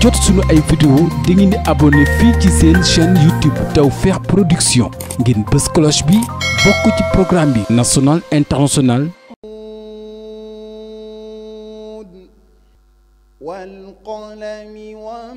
jot suñu ay vidéo da ngeen di fii ci seen chaîne YouTube Tawfekh Production ngeen bës cloche bi bokk ci programme bi national international wal qalami wa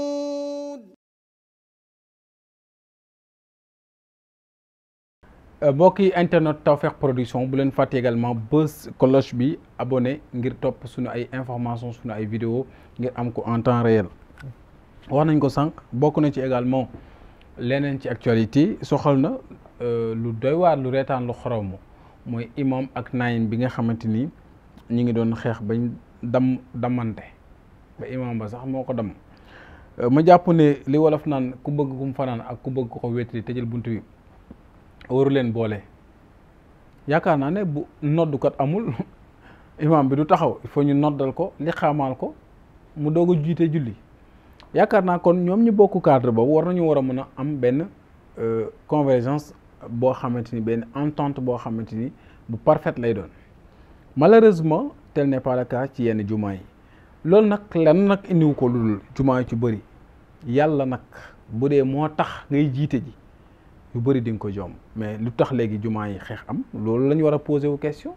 Euh, mbokki internet Tawfekh production bu leen fàtte également bës cloche bi abone ngir topp suñu ay information suñu ay vidéo ngir am ko en temps réel wax nañ ko sànq bokk na ci également leneen ci actualité soxal na euh, lu doy waar lu reetaan lu xoromu mooy imam ak naayin bi nga xamante ni ñu ngi doon xeex bañ dam damante ba imam ba sax moo ko dam euh, ma jàpp ne li wolof naan ku bëgg ku mu fanaan ak ku bëgg ko ko te jël bunt bi waru leen boole yaakaar naa ne bu noddukat amul imam bi du taxaw il faut ñu noddal ko li xaamaal ko mu doog jiite julli yaakaar naa kon ñoom ñu bokk cadre boobu war nañu war a mën a am benn euh, convergence boo xamante ni benn entente boo xamante ni bu parfaite lay doon malheureusement tel n'est pas ci yenn jumaa yi loolu nag lenn nag indiwu ko lu dul jumaa yi ci bëri yàlla nag bu dee moo tax ngay jiite ji yu bëri di nga ko jomm mais lu tax léegi jumaa yi xeex am loolu la ñu war a posé wu question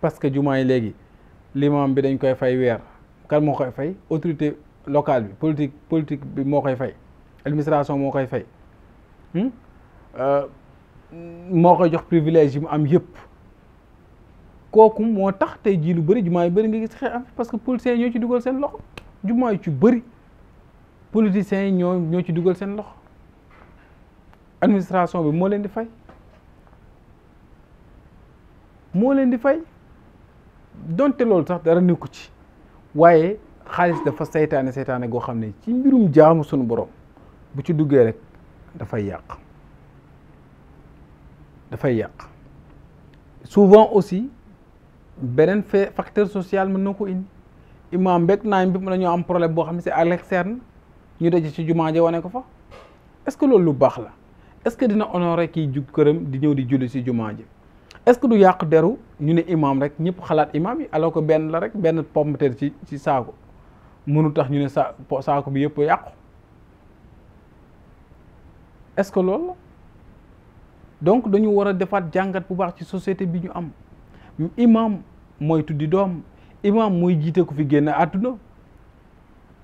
parce que jumaa yi léegi limon bi dañ koy fay weer kan moo koy fay autorité locale bi politique politique bi moo koy fay administration moo koy fay hmm? euh, moo koy jox privilège yi mu am yëpp kooku moo tax tey jii lu bari jumaa yi bëri nga gis xeex am parce que politiciens ñoo ci dugal seen loxo jumaa yu ci bëri politiciens yi ñoo ñoo ci dugal seen loxo administration bi moo leen di fay moo leen di fay donte loolu sax dara nekku ci waaye xaalis dafa seytaane seytaane goo xam ne ci mbirum jaamu suñu borom bu ci duggee rek dafay yàq dafay yàq souvent aussi beneen fa facteur social mën na ko indi imaam mbég naa bi dañoo am problème boo xam ne si à l'externe ñu daje ci jumaa ja wane ko fa est-ce que loolu lu baax la est-ce que dina honoré kiy jug këram di ñëw di julli si jumaa ji est-ce que du yàq deru ñu ne imaam rek ñëpp xalaat imaam yi aloo ko benn la rek benn pompeter ci ci saako mënu tax ñu ne sa saako bi yëpp yàqu est-ce que loolu donc dañu war a defaat jàngat bu baax ci société bi ñu am imaam mooy tuddi doom imaam mooy jiite ku fi génn àdduna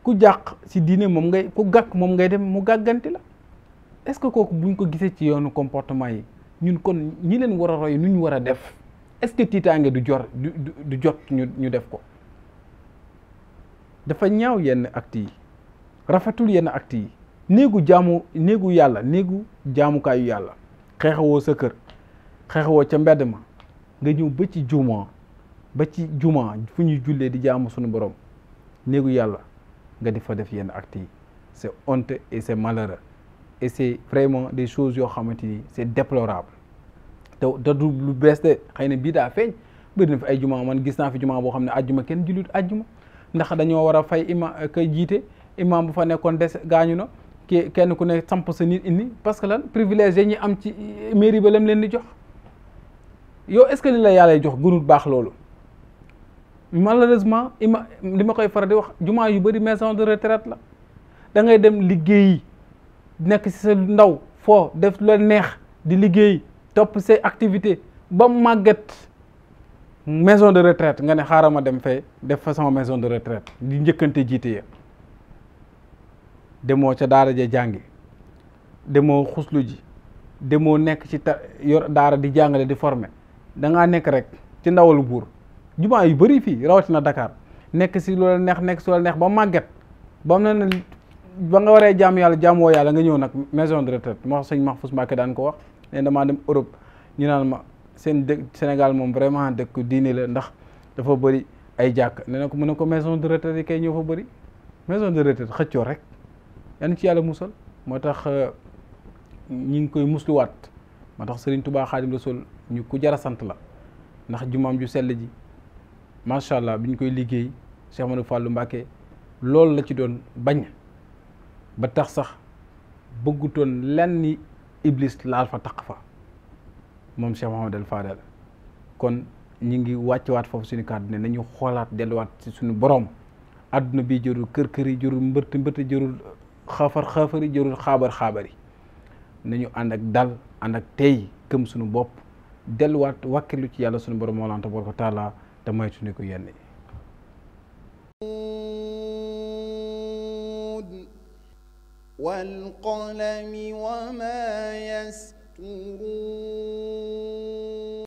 ku jàq si diine moom ngay ku gàq moom ngay dem mu gàgganti la est-ce que kooku buñ ko gisee ci yoonu comportement yi ñun kon ñi leen war a roy nu ñu war a def est-ce que tiitaange du jor du du jot ñu ñu def ko dafa ñaaw yenn actes yi rafetul yenn actes yi néegu jaamu néegu yàlla néegu jaamukaayu yàlla xeexawoo sa kër xeexawoo ca mbedd ma nga ñëw ba ci jumaa ba ci jumaa fu ñuy jullee di jaamu suñu borom néegu yàlla nga di fa def yenn actes yi c'est honte et c'est malheureux et c' vraiment des choses yoo xamante ni est déplorable te da du lu bees de xëy na bii daa feeñ bëri na fi ay juma man gis naa fi juma boo xam ne ajjuma kenn jullit ajjuma ndax dañoo war a fay ima euh, kay jiite imam bu fa nekkoon des gaañu na ke kenn ku ne samp sa nit indi parce que lan privilège yi ñi am ci euh, mairie ba lam leen di jox yow est ce que li la yàlla jox gënul baax loolu malheureusement ima li ma koy faral di wax juma yu bëri maison de retraite la da ngay dem liggéeyi nekk ci sa ndaw foo def la neex di liggéey topp say activité ba màgget maison de retraite nga ne xaaral ma dem fee def fa sama maison de retraite di njëkkante jiite ya demoo ca daara ja jàngi demoo xuslu ji demoo nekk ci ta yor daara di jàngale di forme da ngaa nekk rek ci ndawalu buur jumaa yu bëri fii rawatina dakaar nekk si loola neex nekk si loola neex ba màgget ba mu ne ba nga waree jaam yàlla jaamoo yàlla nga ñëw nag maison de retraite ma wax sëñ Mahfous Mbacké daan ko wax ne damaa dem Europe ñu naan ma seen dëkk Sénégal moom vraiment dëkk diine la ndax dafa bëri ay jàkk ne na ko mu ne ko maison de yi kay ñëw fa bëri maison de retraite xëccoo rek yan ci yàlla musal moo tax euh, ñu ngi koy musluwaat moo tax Serigne Touba Xaadim Rasul ñu ku jara sant la ndax jumaam ju sell ji macha allah bi ñu koy liggéey Cheikh Amadou Fallou Mbacké loolu la ci doon bañ. ba tax sax bëggutoon lenn iblis laal fa taq fa moom Cheikh Mouhamed El Fadel kon ñu ngi wàccewaat foofu suñu kàddu nañu xoolaat delluwaat ci suñu borom àdduna bi jërul kër kër yi jërul mbërt mbërt jërul xaafar xaafar yi jërul xaabar xaabar nañu ànd ak dal ànd ak tey këm suñu bopp delluwaat wàkkilu ci yàlla suñu borom moo laan tabaraka taala te moytu ni ko yenn والقلم وما يسطرون